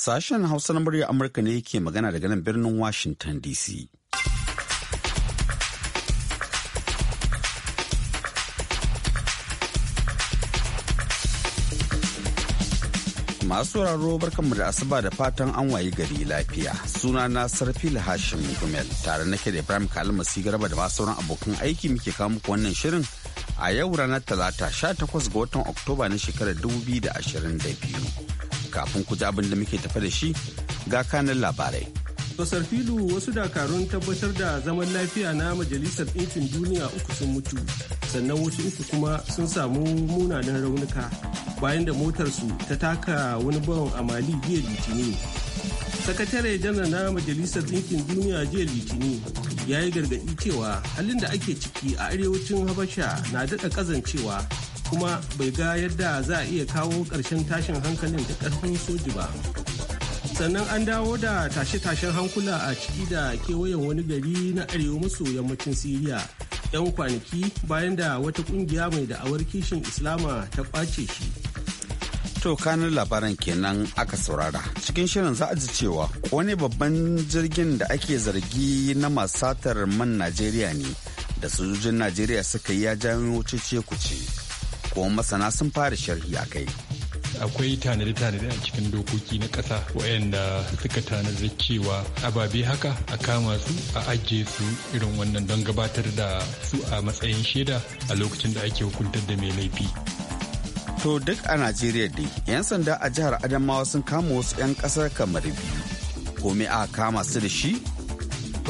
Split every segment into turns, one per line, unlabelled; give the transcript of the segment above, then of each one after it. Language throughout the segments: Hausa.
Sashen Hausa na murya Amurka ne yake magana daga nan birnin Washington DC. Masu raro barkanmu da asuba da fatan an wayi gari lafiya. Suna na Sarfil Hashim Gumel tare nake da Ibrahim Kalmasi Garba da masu sauran abokan aiki muke kawo muku wannan shirin a yau ranar Talata 18 ga watan Oktoba na shekarar 2022. kafin ku ji abin da muke tafa da shi ga kanan labarai.
kasar filu wasu dakarun tabbatar da zaman lafiya na Majalisar Ɗinkin Duniya uku sun mutu, sannan wasu uku kuma sun samu munanan raunuka bayan da motarsu ta taka wani bawon mali jiya litini. Sakatare janar na Majalisar Ɗinkin Duniya jiya litini ya yi gargaɗi cewa halin da ake ciki a arewacin Habasha na daɗa ƙazancewa kuma bai ga yadda za a iya kawo ƙarshen tashin hankalin ta ƙarfin soji ba sannan an dawo da tashe-tashen hankula a ciki da kewayen wani gari na arewa maso yammacin siriya yan kwanaki bayan da wata kungiya mai da'awar kishin islama ta kwace shi
to kanin labaran kenan aka saurara cikin shirin za a ji cewa wani babban jirgin da ake zargi na masatar man najeriya ne da sojojin najeriya suka yi ya janyo cece ci. kuma masana sun fara sharhi a kai.
akwai tanade-tanade a cikin dokoki na ƙasa waɗanda suka tanadi cewa ababe haka a kama su a ajiye su irin wannan don gabatar da su a matsayin shaida a lokacin da ake hukuntar da mai laifi.
To duk a Najeriya dai, 'yan sanda a jihar Adamawa sun kama wasu 'yan ƙasar kamar biyu. Kome a kama su da shi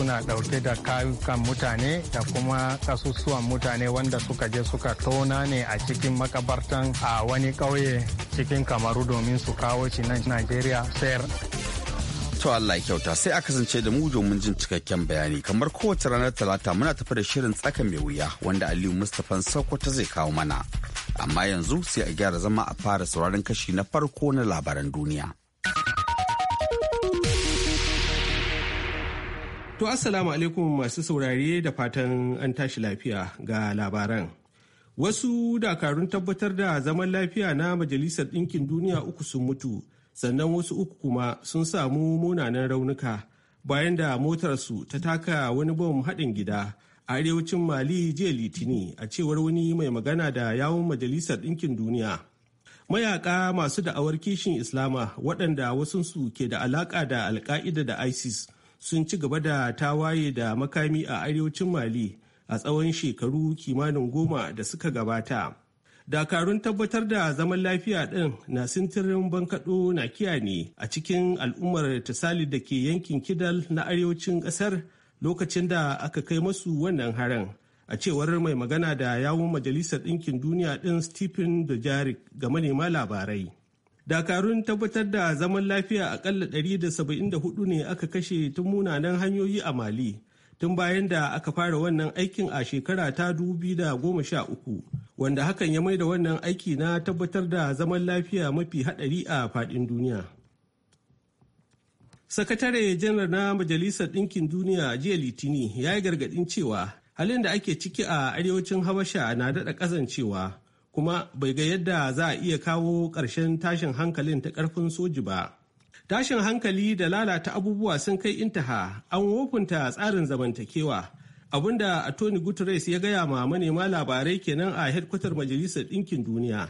suna ɗauke da kayukan mutane da kuma kasusuwan mutane wanda suka je suka tona ne a cikin makabartan a wani ƙauye cikin kamaru domin su kawo shi nan najeriya sayar
To Allah kyauta sai a kasance da mu domin jin cikakken bayani kamar kowace ranar talata muna tafi da shirin tsaka mai wuya wanda Aliyu Mustapha Sokoto zai kawo mana. Amma yanzu sai a gyara zama a fara sauraron kashi na farko na
labaran duniya. To Assalamu alaikum masu saurare da fatan an tashi lafiya ga labaran. Wasu dakarun tabbatar da zaman lafiya na Majalisar Ɗinkin Duniya uku sun mutu, sannan wasu uku kuma sun samu munanan raunuka bayan da motarsu ta taka wani bom haɗin gida a arewacin Mali jiya Litini a cewar wani mai magana da yawon Majalisar Ɗinkin Duniya. Mayaƙa masu da'awar kishin Islama waɗanda wasunsu ke da alaƙa da Alƙa'ida da ISIS. sun ci gaba da tawaye da makami a arewacin mali a tsawon shekaru kimanin goma da suka gabata dakarun tabbatar da zaman lafiya ɗin na sintirin bankaɗo na kiya ne a cikin al'ummar tasali da ke yankin kidal na arewacin ƙasar lokacin da aka kai masu wannan haran a cewar mai magana da yawun majalisar ɗinkin duniya ɗin stephen dujaric ga manema labarai dakarun tabbatar da zaman lafiya akalla 174 ne aka kashe tun munanan hanyoyi a mali tun bayan da aka fara wannan aikin a shekara ta 2013 wanda hakan ya maida wannan aiki na tabbatar da zaman lafiya mafi haɗari a faɗin duniya sakatare janar na majalisar ɗinkin duniya jiya litini ya yi gargaɗin cewa halin da ake ciki a arewacin habasha na daɗa ƙazancewa kuma bai ga yadda za a iya kawo ƙarshen tashin hankalin ta ƙarfin soji ba. Tashin hankali da lalata abubuwa sun kai intaha an wofinta tsarin zamantakewa abinda a Tony Guterres ya gaya ma manema labarai kenan a hedkwatar Majalisar Ɗinkin Duniya.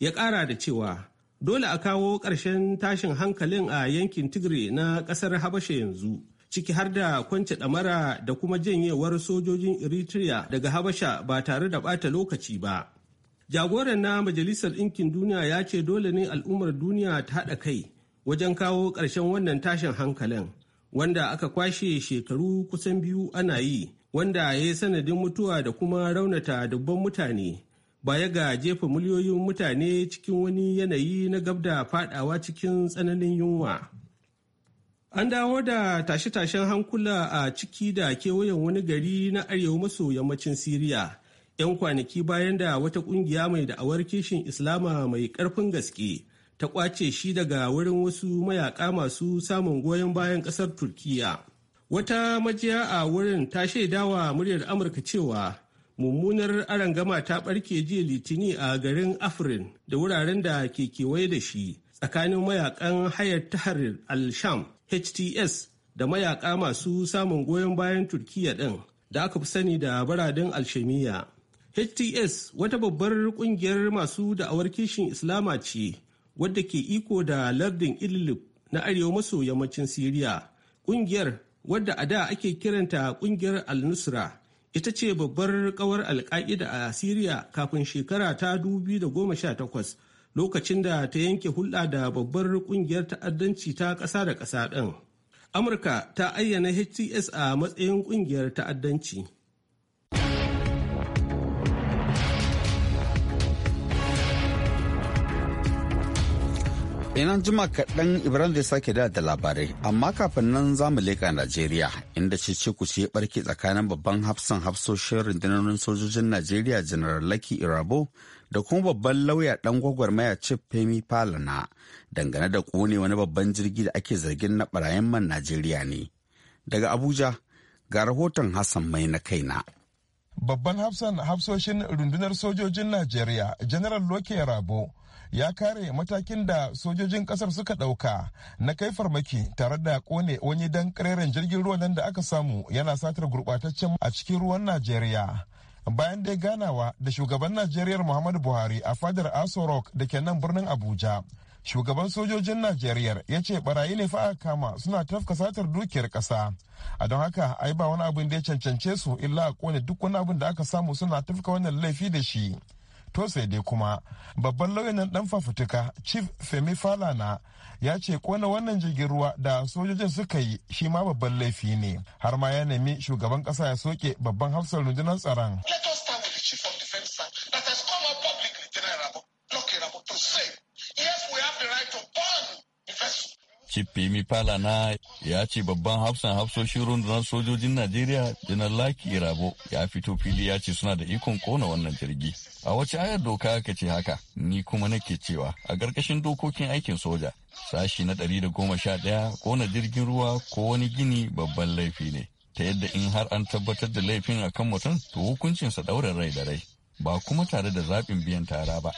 Ya ƙara da cewa dole a kawo ƙarshen tashin hankalin a yankin Tigray na ƙasar Habasha yanzu. ciki har da kwance ɗamara da kuma janyewar sojojin Eritrea daga Habasha ba tare da ɓata lokaci ba. Jagoran na Majalisar Ɗinkin Duniya ya ce dole ne al'ummar duniya ta haɗa kai wajen kawo ƙarshen wannan tashin hankalin wanda aka kwashe shekaru kusan biyu ana yi wanda ya yi sanadin mutuwa da kuma raunata dubban mutane baya ga jefa miliyoyin mutane cikin wani yanayi na gab da fadawa cikin tsananin yunwa. An dawo da tashe-tashen hankula a ciki da kewayen wani gari na arewa maso yammacin Siriya 'yan kwanaki bayan da wata kungiya mai da'awar kishin islama mai karfin gaske ta kwace shi daga wurin wasu mayaka masu samun goyon bayan kasar turkiya wata majiya a wurin ta shaidawa muryar amurka cewa mummunar arangama ta barke jiya litini a garin afrin da wuraren da ke kewaye da shi tsakanin mayakan hayar tahrir al-sham hts da mayaka masu samun goyon bayan turkiya din da aka fi sani da baradin alshamiya HTS wata babbar kungiyar masu da'awar kishin Islama ce wadda ke iko da lardin Idlib na arewa maso yammacin Siriya. Kungiyar wadda a da ake kiranta kungiyar Al-Nusra ita ce babbar kawar alka'ida a Siriya kafin shekara ta 2018 lokacin da ta yanke hulɗa da babbar ƙungiyar ta'addanci ta ƙasa da ƙasa ɗin. Amurka ta ayyana HTS a matsayin ƙungiyar ta'addanci.
Inan jima kaɗan Ibrahim zai sake da labarai, amma kafin nan za mu leƙa Najeriya inda ce ku ce barki tsakanin babban hafsan hafsoshin rundunar sojojin Najeriya general Laki Irabo da kuma babban lauya ɗan gwagwarmaya Chief Femi Falana dangane da ƙone wani babban jirgi da ake zargin na ɓarayin man Najeriya ne. Daga Abuja ga rahoton Hassan mai na kaina.
Babban hafsan hafsoshin rundunar sojojin Najeriya general Lucky Irabo, ya kare matakin da sojojin kasar suka ɗauka na kai farmaki tare da kone wani dan kareren jirgin ruwan nan da aka samu yana satar gurɓataccen a cikin ruwan najeriya bayan dai ganawa da shugaban najeriya muhammadu buhari a fadar aso rock da ke nan birnin abuja shugaban sojojin najeriya ya ce barayi ne fa'a kama suna tafka satar dukiyar kasa a don haka ai ba wani abin da ya cancance su illa a kone duk wani abin da aka samu suna tafka wannan laifi da shi to sai dai kuma babban lauyanin dan fafutuka chief femi falana ya ce kona wannan jirgin ruwa da sojojin suka yi shi ma babban laifi ne har ma ya nemi shugaban kasa ya soke babban hafsar rundunar tsaron
Chief Femi Falana ya ce babban hafsan hafsoshin rundunar sojojin Najeriya Janar Laki Rabo ya fito fili ya ce suna da ikon kona wannan jirgi. A wace ayar doka ka ce haka? Ni kuma nake cewa a ƙarƙashin dokokin aikin soja sashi na ɗari da goma sha ɗaya kona jirgin ruwa ko wani gini babban laifi ne. Ta yadda in har an tabbatar da laifin akan mutum to hukuncinsa ɗaurin rai da rai. Ba
kuma tare da zaɓin biyan tara ba.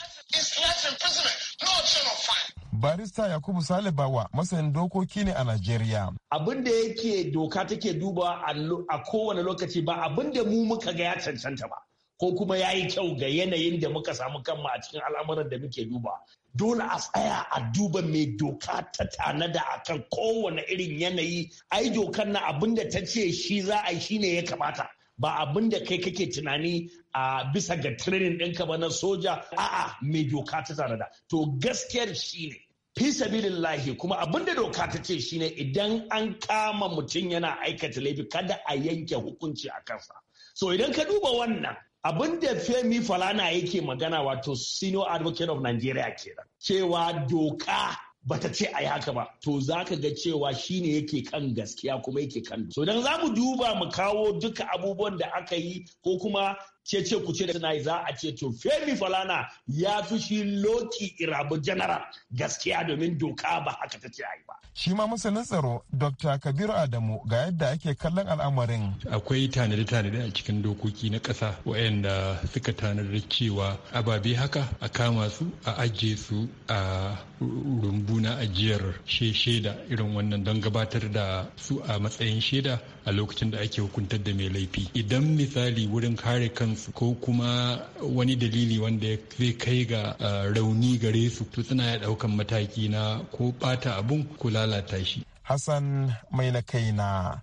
barista yakubu salibawa masanin dokoki ne a najeriya
abin da yake doka take duba a kowane lokaci ba abin da mu muka ga ya cancanta ba ko kuma ya yi kyau ga yanayin da muka samu kanmu a cikin al'amuran da muke duba dole a tsaya a duba mai doka ta tanada a kan kowane irin yanayi ai dokar na abin da ta ce shi za a yi ne ya kamata ba abin da kai kake tunani a bisa ga training ɗinka ba na soja a'a mai doka ta tanada to gaskiyar shi ne. fi sabilillahi kuma abinda doka ta ce shine idan an kama mutum yana aikata laifi kada a yanke hukunci a kansa so idan ka duba wannan abinda da femi falana yake magana wato sino advocate of nigeria kenan cewa doka bata ce a yi haka ba to za ka ga cewa shine yake kan gaskiya kuma yake kan so dan za mu duba mu kawo duka abubuwan da aka yi ko kuma ce ku ce da suna za a ce to Femi Falana ya fi shi Loki Irabu General gaskiya domin doka ba haka ta ce ai ba.
Shi ma masanin tsaro Dr. Kabiru Adamu ga yadda ake kallon al'amarin.
Akwai tanade-tanade a cikin dokoki na ƙasa waɗanda suka tanadar cewa ababe haka a kama su a ajiye su a rumbu na ajiyar shaida irin wannan don gabatar da su a matsayin shaida a lokacin da ake hukuntar da mai laifi idan misali wurin kare kansu ko kuma wani dalili wanda zai kai ga rauni gare su to suna ya daukan mataki na ko bata abun ko lalata shi
hassan mai na kaina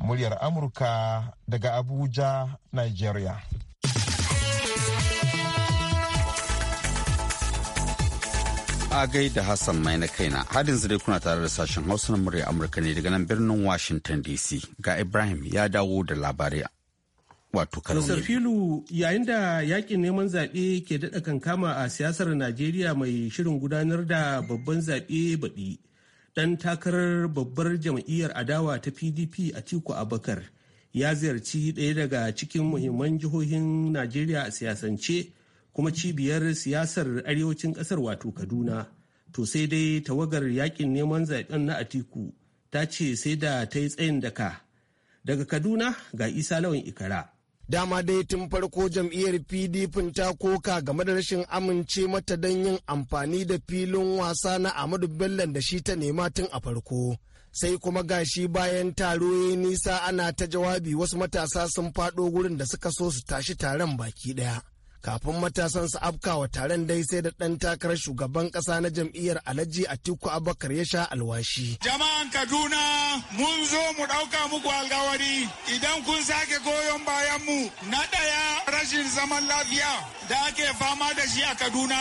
muryar amurka daga abuja nigeria
agai da Hassan mai na kaina. Hadin zai kuna tare da sashen Hausa na murya Amurka ne daga nan birnin Washington DC. Ga Ibrahim ya dawo da labarai. Wato Mr.
Filu yayin da yakin neman zaɓe ke daɗa kankama a siyasar Najeriya mai shirin gudanar da babban zaɓe baɗi. dan takarar babbar jam'iyyar adawa ta PDP a Tiku Abakar ya ziyarci ɗaya daga cikin muhimman jihohin Najeriya a siyasance. kuma cibiyar siyasar arewacin kasar wato Kaduna. To sai dai tawagar yakin neman zaben na Atiku ta ce sai da ta yi tsayin daka. Daga Kaduna ga Isa Lawan Ikara. dama dai tun farko jam'iyyar pdp ta
koka game da rashin amince mata don yin amfani da filin wasa na amadu bello da shi ta nema tun a farko sai kuma gashi bayan taro ya nisa ana ta jawabi wasu matasa sun faɗo wurin da suka so su tashi taron baki ɗaya kafin matasan su afkawa taron dai sai da ɗan takarar shugaban ƙasa na jam'iyyar alhaji atiku abakar ya sha alwashi
jama'an kaduna mun zo mu ɗauka muku alkawari idan kun sake goyon bayan mu na ɗaya rashin zaman lafiya da ake fama da shi a kaduna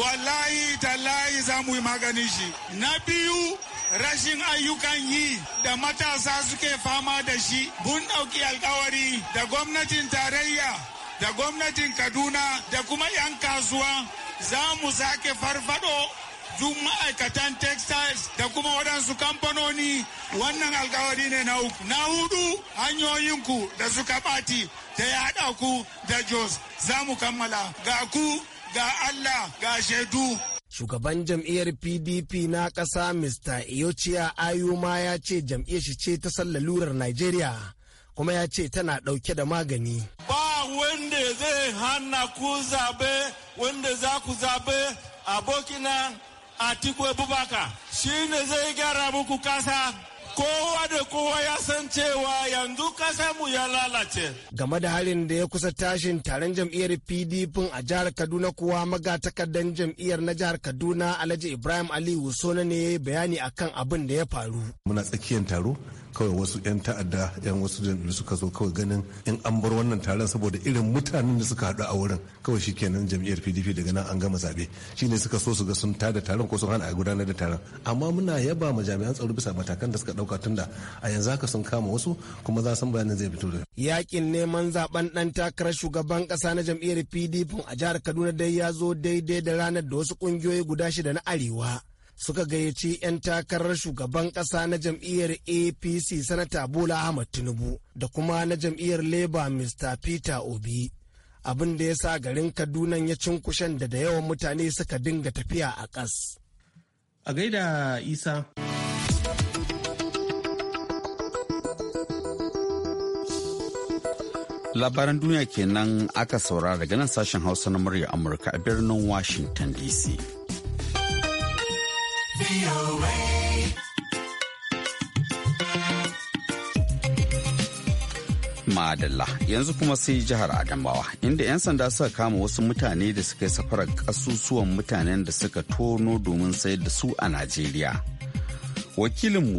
wallahi tallahi za mu yi maganin shi na biyu rashin ayyukan yi da matasa suke fama da shi mun ɗauki alkawari da gwamnatin tarayya da gwamnatin Kaduna da kuma 'yan kasuwa za mu sake farfado duk ma'aikatan textiles da kuma waɗansu kamfanoni wannan alkawari ne na uku. Na hudu hanyoyinku da suka ɓati da ya ku da Jos za mu kammala
ga ku ga Allah ga shaidu. Shugaban jam'iyyar PDP na ƙasa Mr. Iyochiya Ayuma ya ce jam'iyyar shi ce ta sallalurar Najeriya kuma ya ce tana ɗauke da magani.
Ba wanda zai hana ku
zabe wanda za ku zabe abokina Atiku Abubakar
shi ne zai gyara muku kasa kowa da kowa ya san cewa yanzu mu ya lalace.
Game da halin da ya kusa tashin taron jam'iyyar PDP a jihar Kaduna kuwa magatakardan jam'iyyar na jihar Kaduna Alhaji Ibrahim Ali Wusona ne ya yi bayani akan abin da ya
faru. Muna tsakiyar taro kawai wasu 'yan ta'adda 'yan wasu jam'iyyu suka zo kawai ganin in an bar wannan taron saboda irin mutanen da suka haɗu a wurin kawai shi kenan jam'iyyar PDP daga nan an gama zaɓe shi ne suka so su ga sun tada taron ko sun hana a gudanar da taron amma muna yaba ma jami'an tsaro bisa matakan da suka ɗauka ɗauka da a yanzu haka sun kama wasu kuma za san bayanin zai fito da.
Yakin neman zaben ɗan takarar shugaban ƙasa na jam'iyyar PDP a jihar Kaduna dai ya zo daidai da ranar da wasu ƙungiyoyi guda shida na Arewa suka gayyaci 'yan takarar shugaban ƙasa na jam'iyyar APC sanata Bola Ahmad Tinubu da kuma na jam'iyyar Labour Mr. Peter Obi. abin da ya sa garin kaduna ya cinkushen da da yawan mutane suka dinga tafiya a ƙas. A gaida
Isa.
labaran duniya kenan aka saurara daga nan sashen hausa na murya amurka a birnin washington dc madalla yanzu kuma sai jihar adamawa inda 'yan sanda suka kama wasu mutane da suka yi safarar kasusuwan mutanen da suka tono domin sayar da su a najeriya wakilinmu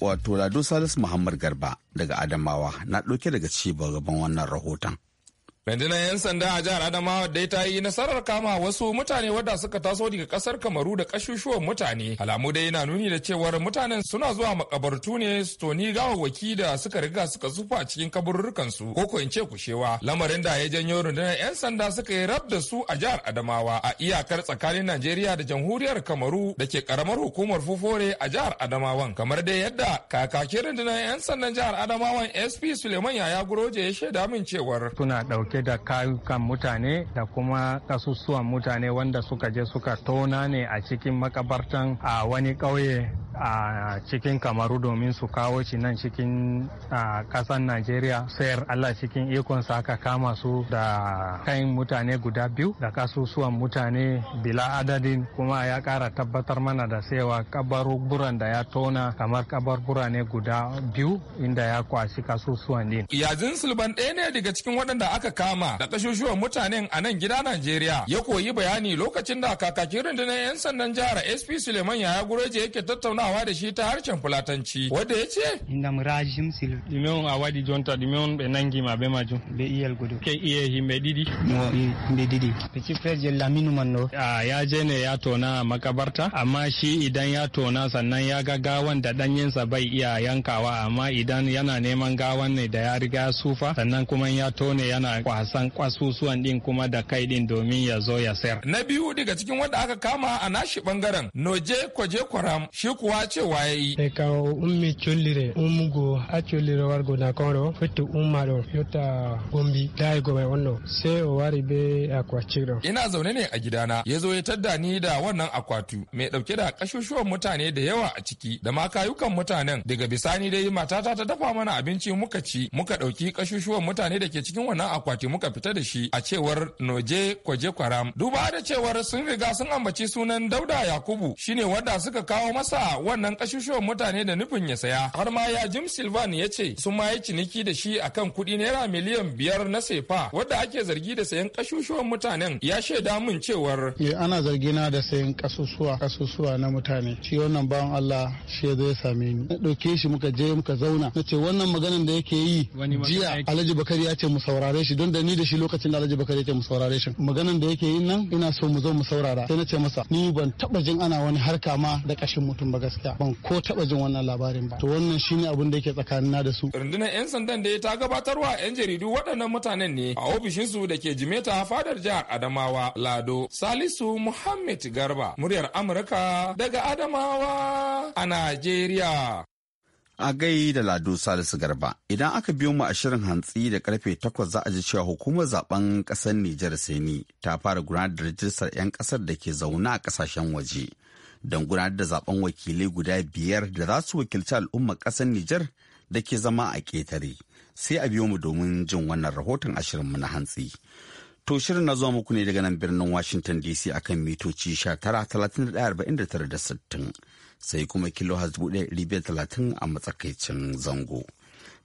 wato Lado Salisu Muhammad Garba daga Adamawa na ɗauke daga ci gaban wannan rahoton.
Rundunar 'yan sanda a jihar Adamawa dai ta yi nasarar kama wasu mutane wadda suka taso daga kasar Kamaru da kashushuwan mutane. Alamu dai yana nuni da cewar mutanen suna zuwa makabartu ne su toni gawawwaki da suka riga suka zufa cikin cikin kaburrukansu ko ko in ce kushewa. Lamarin da ya janyo rundunar 'yan sanda suka yi rab da su a jihar Adamawa a iyakar tsakanin Najeriya da jamhuriyar Kamaru da ke karamar hukumar Fufore a jihar Adamawan. Kamar dai yadda kakakin rundunar 'yan sandan jihar Adamawan
SP Suleiman Yaya Guroje ya shaida min cewar. Kuna dauke da kayukan mutane da kuma kasusuwan mutane wanda suka je suka tona ne a cikin makabartan a wani kauye a cikin kamaru domin su kawo shi nan cikin kasan najeriya sayar allah cikin ikonsa aka kama su da kayan mutane guda biyu da kasusuwan mutane bila adadin kuma ya kara tabbatar mana da cewa kabaruburan da ya tona kamar kabarbura ne guda biyu inda ya kwashi kasusuwan din
yazin sulban ɗaya ne daga cikin waɗanda aka kama da kashoshuwan mutanen a nan gida Najeriya ya koyi bayani lokacin da kakakin rundunar 'yan sandan jihar SP Suleiman Yaya Gureje yake tattaunawa da shi ta harshen Fulatanci wanda ya ce
inda murajim silu dimeon awadi jonta dimeon be nangi ma be majum be iyal gudu ke iye himbe didi no himbe didi be ci fez laminu manno a ya je ne ya tona makabarta amma shi idan ya tona sannan ya ga gawan da danyensa bai iya yankawa amma idan yana neman gawan ne da ya riga sufa sannan kuma ya tone yana kwasan kwasusuwan din kuma da kai din domin ya zo ya sayar. Na biyu
daga cikin wanda aka kama
a nashi bangaren Noje Kwaje Kwaram shi kuwa cewa ya yi. Sai ka ummi cullire umugo a chullire wargo na fito umma umaro yota gombi ya gome wannan sai o wari be akwaciro.
Ina zaune ne a gidana ya zo ya tadda ni da wannan akwatu mai ɗauke da kashushuwan mutane da yawa a ciki da ma kayukan mutanen daga bisani dai matata ta dafa mana abinci muka ci muka ɗauki kashushuwan mutane da ke cikin wannan akwatu akwati muka fita da shi a cewar Noje Kwaje Kwaram. Duba da cewar sun riga sun ambaci sunan Dauda Yakubu shine wanda suka kawo masa wannan kashushuwan mutane da nufin ya saya. Har ma ya Jim Silvan ya ce sun ma yi ciniki da shi akan kuɗi naira miliyan biyar na sefa wadda ake zargi da sayan kashushuwan mutanen ya shaida mun cewar.
ana zargina da sayan kasusuwa kasusuwa na mutane shi wannan bawan Allah shi zai same ni na ɗauke shi muka je muka zauna na ce wannan maganan da yake yi jiya Alhaji Bakari ya ce mu saurare shi don da ni da shi lokacin da Alhaji Bakar yake mu saurare shi maganan da yake yin nan ina so mu zo mu saurara sai na ce masa ni ban taba jin ana wani harka ma da kashin mutum ba gaskiya ban ko taba jin wannan labarin ba to wannan shine abin da yake na da su rundunar
yan sandan da ta gabatarwa yan jaridu waɗannan mutanen ne a ofishin su da ke jimeta fadar jihar Adamawa Lado Salisu Muhammad Garba muryar Amurka daga
Adamawa a Najeriya a gai da lado salisu garba idan aka biyo mu a shirin hantsi da karfe takwas za a ji cewa hukumar zaben kasar nijar seni ta fara gudanar da rajistar 'yan kasar da ke zaune a kasashen waje don gudanar da zaben wakilai guda biyar da za su wakilci al'ummar kasar nijar da ke zama a ketare sai a biyo mu domin jin wannan rahoton a shirin mu na hantsi To shirin na zuwa muku ne daga nan birnin Washington DC akan mitoci tara da sittin sai kuma kilohertz talatin a matsakaicin zango.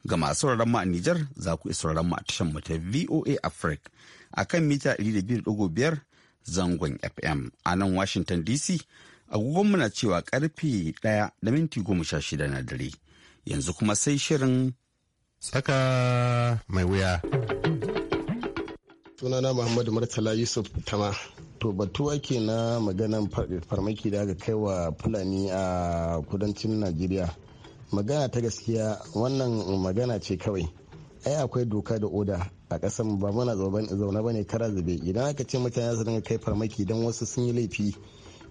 Ga masu sauraron mu a Nijar za ku isa mu a tashar mu ta VOA Africa a kan mita 200.5 zangon FM a nan Washington DC agogon muna cewa karfe 1 da minti 16 na dare. Yanzu kuma sai shirin
tsaka mai wuya. sunana muhammadu martala yusuf tama to batu ake na maganan farmaki da aka kai wa fulani a kudancin najeriya magana ta gaskiya wannan magana ce kawai ai akwai doka da oda a kasan ba muna zaune bane kara zube idan aka ce mutane su dinga kai farmaki don wasu sun yi laifi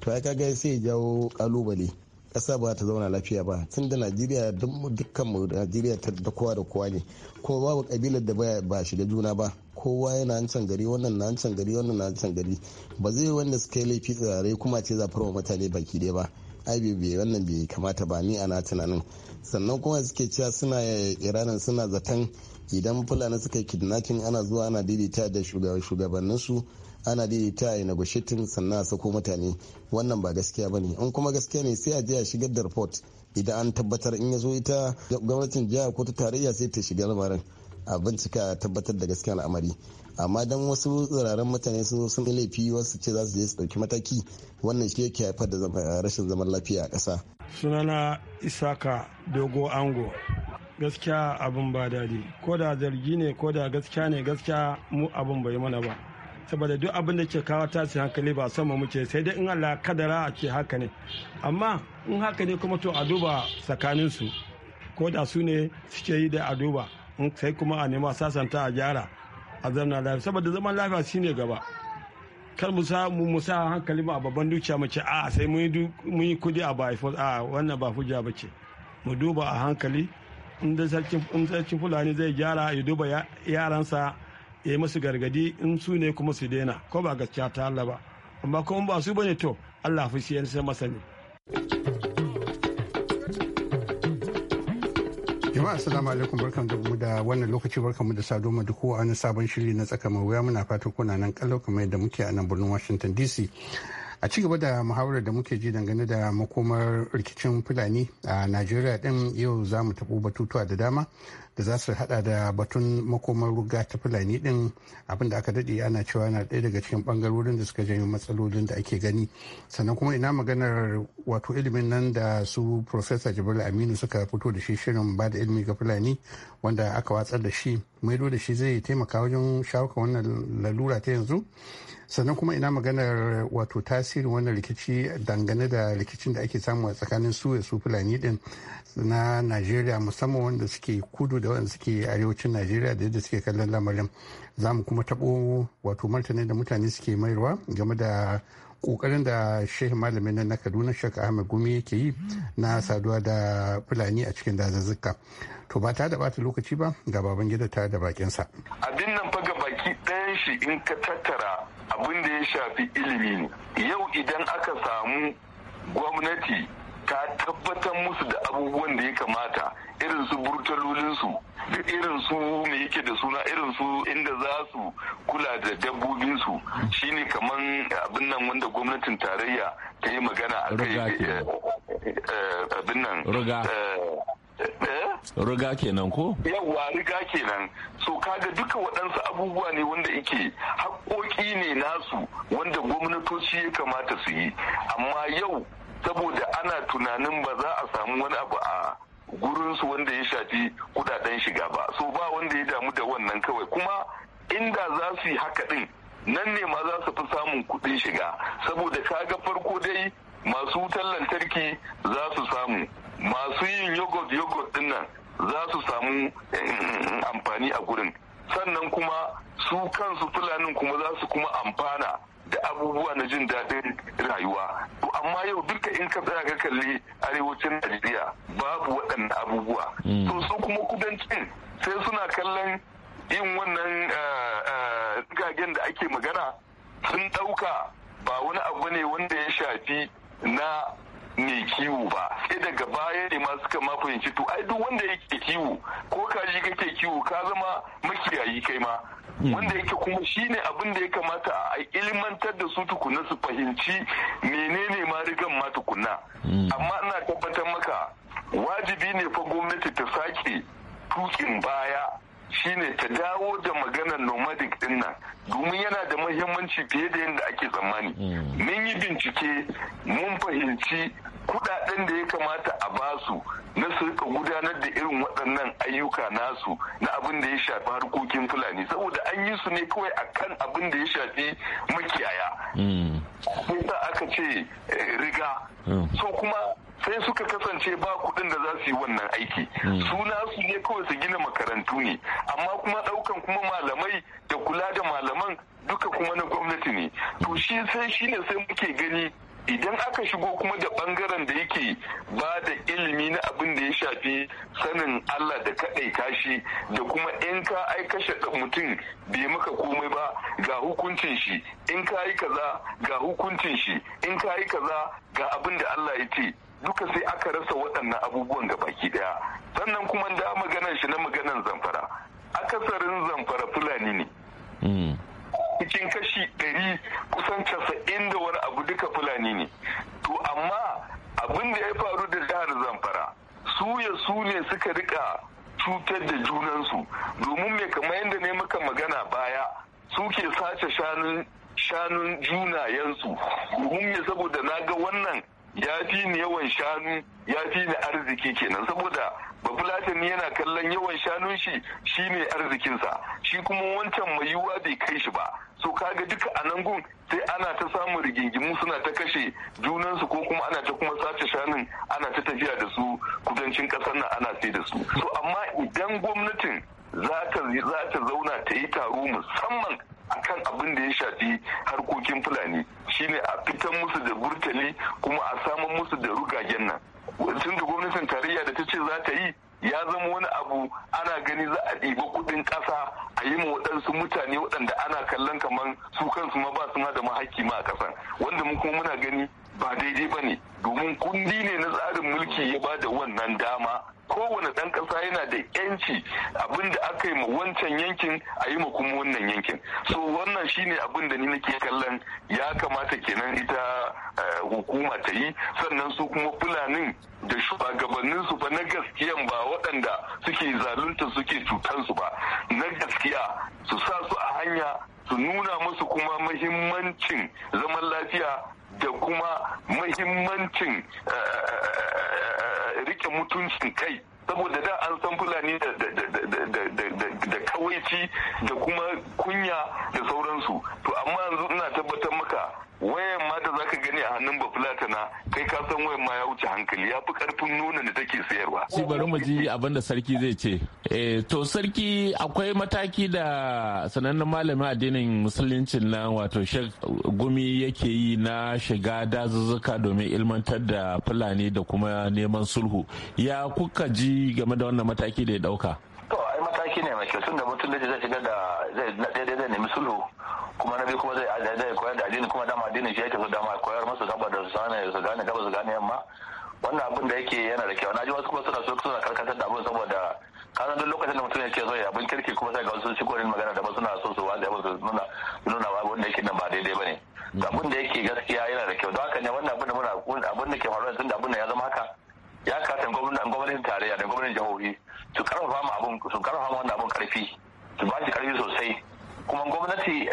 to ya kaga sai ya jawo kalubale ƙasa ba ta zauna lafiya ba tun da najeriya dukkan mu najeriya da kowa da kowa ne kuma babu kabilar da ba shiga juna ba kowa yana can gari wannan na can gari wannan na can gari ba zai wanda suka yi laifi tsirarai kuma ce za wa mutane baki ɗaya ba ai bai wannan bai kamata ba ni ana tunanin sannan kuma suke cewa suna iranin suna zaton idan fulani suka yi kidnapping ana zuwa ana daidaita da shugabanninsu ana ta a negotiating sannan a sako mutane wannan ba gaskiya bane in kuma gaskiya ne sai a je a shigar da report idan an tabbatar in ya zo ita gwamnatin jiha ko ta tarayya sai ta shiga lamarin a bincika tabbatar da gaskiya al'amari amma dan wasu tsiraran mutane sun sun laifi wasu ce za su je su dauki mataki wannan shi yake haifar da rashin zaman lafiya a ƙasa.
sunana isaka dogo ango gaskiya abin ba daɗi ko da zargi ne ko da gaskiya ne gaskiya mu abin bai mana ba saboda duk abin da ke kawo tashin hankali ba mu muke sai dai in Allah kadara a ce haka ne amma in haka ne kuma to a duba tsakanin su ko da su ne suke yi da a duba sai kuma a nema sasanta a gyara a zamna lafiya saboda zaman lafiya shine gaba kar mu sa mu musa hankali mu a babban dukiya mu ce a sai mun yi kudi a ba a wannan ba hujja ba ce mu duba a hankali in sarkin fulani zai gyara ya duba yaransa ya yi musu gargadi in su ne kuma su daina ko ba gaskiya ta Allah ba amma kuma ba su bane to Allah fi shi sai masa ne
jama'a assalamu alaikum barkan da mu da wannan lokaci barkan mu da sado mu duk wani sabon shiri na tsaka mai wuya muna fatan kuna nan kallau kamar yadda muke a nan birnin Washington DC a ci gaba da muhawarar da muke ji dangane da makomar rikicin fulani a najeriya din yau za mu taɓo batutuwa da dama da za su hada da batun makomar ruga ta fulani din abinda aka daɗe ana cewa na ɗaya daga cikin ɓangarorin da suka janyo matsalolin da ake gani sannan kuma ina maganar wato ilimin nan da su professor jibril aminu suka fito da shi shirin ba da ilimi ga fulani wanda aka watsar da shi maido da shi zai taimaka wajen shawo wannan lalura ta yanzu sannan kuma ina maganar wato tasirin wannan rikici dangane da rikicin da ake samu a tsakanin su da su fulani din na najeriya musamman wanda suke kudu da wanda suke arewacin najeriya da yadda suke kallon lamarin za mu kuma taɓo wato martani da mutane suke mayarwa game da kokarin da shehu malamin nan na kaduna shek ahmed gumi yake yi na saduwa da fulani a cikin dazuzzuka to ba ta da bata lokaci ba ga baban gida ta da bakinsa abin nan fa ga baki ɗayan shi in ka tattara
abin da ya shafi ilimi ne yau idan aka samu gwamnati ka tabbatar musu da abubuwan da ya kamata irin su burtalolinsu da irin su ne yake da suna irin su inda za su kula da dabbobinsu shine kamar abin nan wanda gwamnatin tarayya ta yi magana a kai eh, eh, nan eh,
riga kenan ko?
yawwa riga kenan so kaga duka waɗansu abubuwa ne wanda ike haƙoƙi ne nasu wanda gwamnatoci ya kamata su yi amma yau saboda ana tunanin ba za a samu wani abu a gurinsu wanda ya shafi kudaden shiga ba so ba wanda ya damu da wannan kawai kuma inda za su yi haka din nan ne ma za su fi samun kudin shiga saboda kaga farko dai masu wutar lantarki za su samu masu yin yogurt yogurt din nan za su samu eh, amfani a gurin sannan kuma su kansu fulanin kuma za su kuma amfana da abubuwa na jin daɗin rayuwa to amma yau duka in ka tsaya ka kalli arewacin najeriya babu waɗannan abubuwa mm. to su kuma kudancin sai suna kallon yin wannan gagen eh, eh, da ake magana sun ɗauka ba wani abu ne wanda ya shafi na mai kiwo ba sai daga baya ne ma suka ma fahimci to ai duk wanda yake kiwo ko kaji kake kiwo ka zama makiyayi kai ma hmm. wanda yake kuma shine abin da ya kamata a ilmantar da su tukunna su fahimci menene ma rigan ma tukunna hmm. amma ina tabbatar maka wajibi ne fa gwamnati ta sake tukin baya shine ta dawo da maganar nomadic din nan domin yana da mahimmanci fiye da yadda ake tsammani hmm. mun yi bincike mun fahimci kudaden da ya kamata a basu na su rika gudanar da irin waɗannan ayyuka nasu na abin da ya shafi harkokin fulani saboda an yi su ne kawai akan abin da ya shafi makiyaya hmm. sai aka ce eh, riga hmm. so kuma sai suka kasance ba kuɗin da za su yi wannan aiki suna hmm. su ne kawai su gina makarantu ne amma kuma ɗaukan kuma malamai da kula da malaman duka kuma na gwamnati ne to shi sai shine sai muke gani idan aka shigo kuma da bangaren da yake ba da ilimi na abin da ya shafi sanin Allah da kaɗai kashi da kuma in ka ai kashe mutum bai maka komai ba ga hukuncin shi in ka yi kaza ga hukuncin shi in ka yi kaza ga abin da Allah ya ce duka sai aka rasa waɗannan abubuwan ga baki daya sannan kuma da maganan shi na maganan zamfara ce za ta yi ya zama wani abu ana gani za a ɗiba kuɗin ƙasa a yi ma waɗansu mutane waɗanda ana kallon kamar su kansu ma ba su ma da mahaƙi ma a ƙasan wanda mu kuma muna gani ba daidai ba ne domin kundi ne na tsarin mulki ya ba da wannan dama kowane ɗan ƙasa yana da yanci abin da aka yi ma wancan yankin a yi ma kuma wannan yankin so wannan shine abin da ni nake kallon ya kamata kenan ita eh, hukuma ta yi sannan su kuma fulanin da shugabannin su fa na gaskiyan ba waɗanda suke zalunta suke cutansu ba na gaskiya su sa su a hanya su nuna musu kuma muhimmancin zaman lafiya da kuma mahimmancin eh, eh, eh, rike mutuncin kai saboda da an san fulani da kawaici da kuma kunya da sauransu to amma yanzu ina tabbatar maka wayan ma da zaka gani a hannun na kai ka san wayan ma ya wuce hankali ya fi karfin nuna da take sayarwa shi bari mu ji
abin da sarki zai ce eh to sarki akwai mataki da sanannen malamin addinin musulunci na wato shek gumi yake yi na shiga dazuzzuka domin ilmantar da fulani da kuma neman sulhu ya kuka ji game da wannan mataki da ya dauka to
ai mataki ne mai kyau tun da mutum da zai shiga da zai nemi sulhu kuma na biyu kuma zai zai koyar da addini kuma dama addinin shi yake so dama koyar musu gaba da su gane su gane gaba su gane yamma wannan abin da yake yana da kyau na ji wasu kuma suna so suna karkatar da abin saboda kasan duk lokacin da mutum yake so ya abin kirki kuma sai ga wasu shigo rin magana da ba suna so su wanda ba su nuna nuna ba wanda yake nan ba daidai ba ne. abin da yake gaskiya yana da kyau don haka ne wannan abin da muna abin da ke faruwa tun da abin da ya zama haka ya kasance gwamnatin gwamnatin tarayya da gwamnatin jihohi su karfafa mu abin su karfafa mu wannan abin karfi su ba shi karfi sosai kuma gwamnati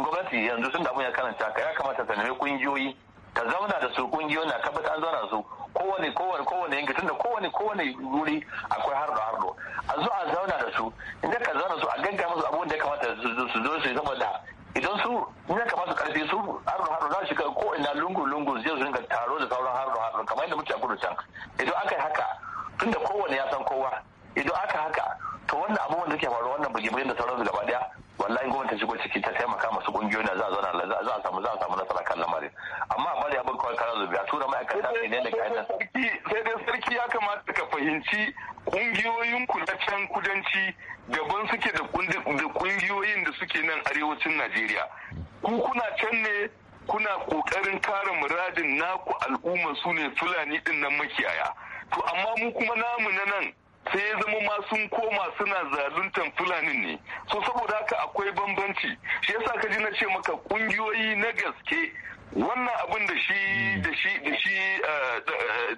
gwamnati yanzu sun damu ya karanta ka ya kamata ta nemi kungiyoyi ta zauna da su kungiyoyi na tabbata an zauna su kowane kowane kowane yanki tunda kowane kowane wuri akwai hardo hardo a zo a zauna da su inda ka zauna su a gaggawa
arewacin najeriya ku kuna can ne kuna kokarin kare muradin naku al'umma su ne fulani din nan makiyaya to amma mu kuma namu na nan sai ya zama ma sun koma suna zaluntan fulanin ne so saboda haka akwai bambanci shi yasa ka ji na ce maka ƙungiyoyi na gaske wannan abin da shi da shi da shi eh,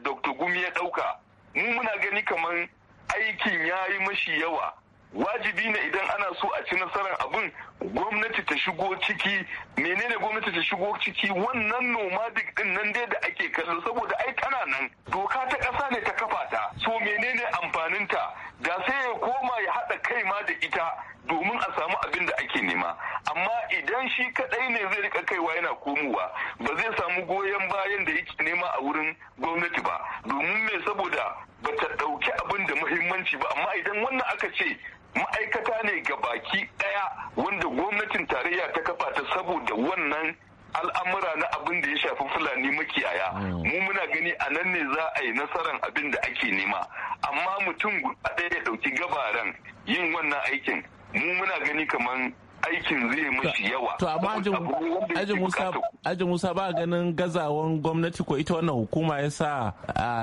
dr eh, gumi ya ɗauka mu muna gani kamar aikin ya yi mashi yawa wajibi ne idan ana so a ci nasarar abin gwamnati ta shigo ciki menene gwamnati ta shigo ciki wannan nomadic din nan dai da ake kallo saboda ai tana nan doka ta ƙasa ne ta kafa ta so menene amfaninta da sai ya koma ya haɗa kai ma da ita domin a samu abin da ake nema amma idan shi kaɗai ne zai rika kaiwa yana komowa ba zai samu goyon bayan da yake nema a wurin gwamnati ba domin me saboda ba ta ɗauki abin da muhimmanci ba amma idan wannan aka ce ma'aikata ne ga baki ɗaya wanda gwamnatin tarayya ta kafa ta saboda wannan al'amura na abin da ya shafi fulani makiyaya mm. mu muna gani a nan ne za a yi nasaran abin da ake nema amma mutum a ɗaya ya ɗauki gabaran yin wannan aikin mu muna gani kamar aikin zai mashi yawa. To amma
Aji Musa ba ganin gazawan gwamnati ko ita wannan hukuma ya sa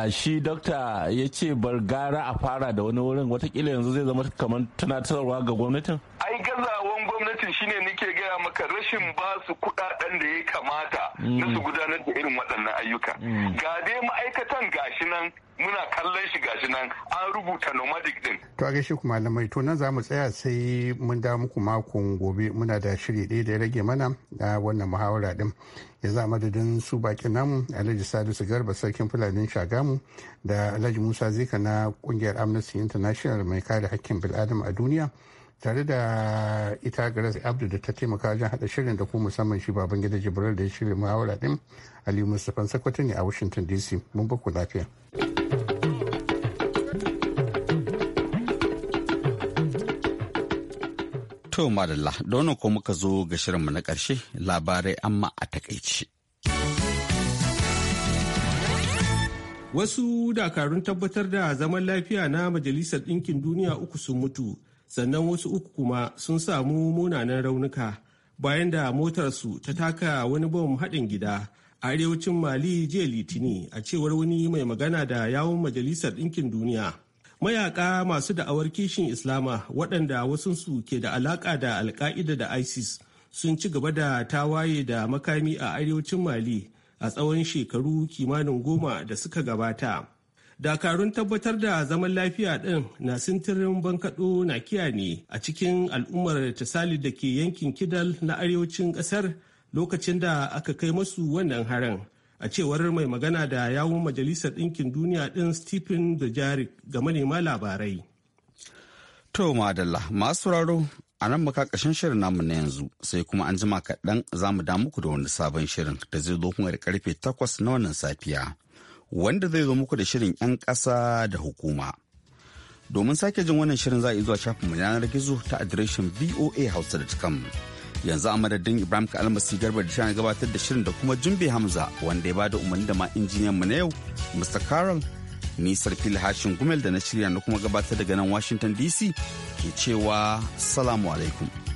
shi dokta ya ce bar gara a fara da wani wurin watakila yanzu zai zama kamar tunatarwa ga gwamnatin? Ai
gazawan gwamnati gwamnatin shine nake gaya maka rashin ba su kudaden
da ya kamata mm. na su gudanar da irin waɗannan ayyuka mm. ga dai
ma'aikatan gashi nan muna kallon shi gashi nan an rubuta nomadic din
to a gaishe ku malamai to nan za mu tsaya sai mun da muku makon gobe muna da shiri ɗaya da ya rage mana na wannan muhawara din ya za madadin su bakin namu alhaji salisu garba sarkin fulani shagamu da alhaji musa zika na kungiyar amnesty international mai kare hakkin bil'adama a duniya tare da ita garas abdu da ta taimaka wajen hada shirin da ku musamman shi baban gida jibril da ya shirya muhawara din aliyu mustapha sakwato ne a washington dc mun baku lafiya
to madalla da ko muka zo ga shirinmu na karshe labarai
amma a takaici wasu dakarun tabbatar da zaman lafiya na majalisar ɗinkin duniya uku sun mutu sannan wasu uku kuma sun samu munanan raunuka bayan da motarsu ta taka wani bom haɗin gida a arewacin mali jiya litini a cewar wani mai magana da yawon majalisar ɗinkin duniya mayaka masu da'awar kishin islama waɗanda wasunsu ke da alaƙa da alka'ida da isis sun ci gaba da tawaye da makami a arewacin mali a tsawon shekaru kimanin goma da suka gabata dakarun tabbatar da zaman lafiya ɗin na sintirin bankaɗo na kiya ne a cikin al'ummar tasali da ke yankin kidal na arewacin ƙasar lokacin da aka kai masu wannan harin a cewar mai magana da yawun majalisar ɗinkin duniya ɗin stephen jari ga manema labarai
to madalla masu raro a nan muka shirin namu na yanzu sai kuma an jima kaɗan za mu da muku da wani sabon shirin da zai zo kuma da karfe takwas na wannan safiya wanda zai zo muku da shirin 'yan kasa da hukuma. Domin sake jin wannan shirin za a zuwa shafinmu yanar gizo ta adireshin voahausa.com. Yanzu a madadin Ibrahim Kalmasi Garba da shirin gabatar da shirin da kuma Jumbe Hamza wanda ya bada umarni da ma injiniyan mu na yau, Mr. Carol, ni fili Hashin Gumel da na shirya na kuma gabatar daga nan Washington DC ke cewa Salamu alaikum.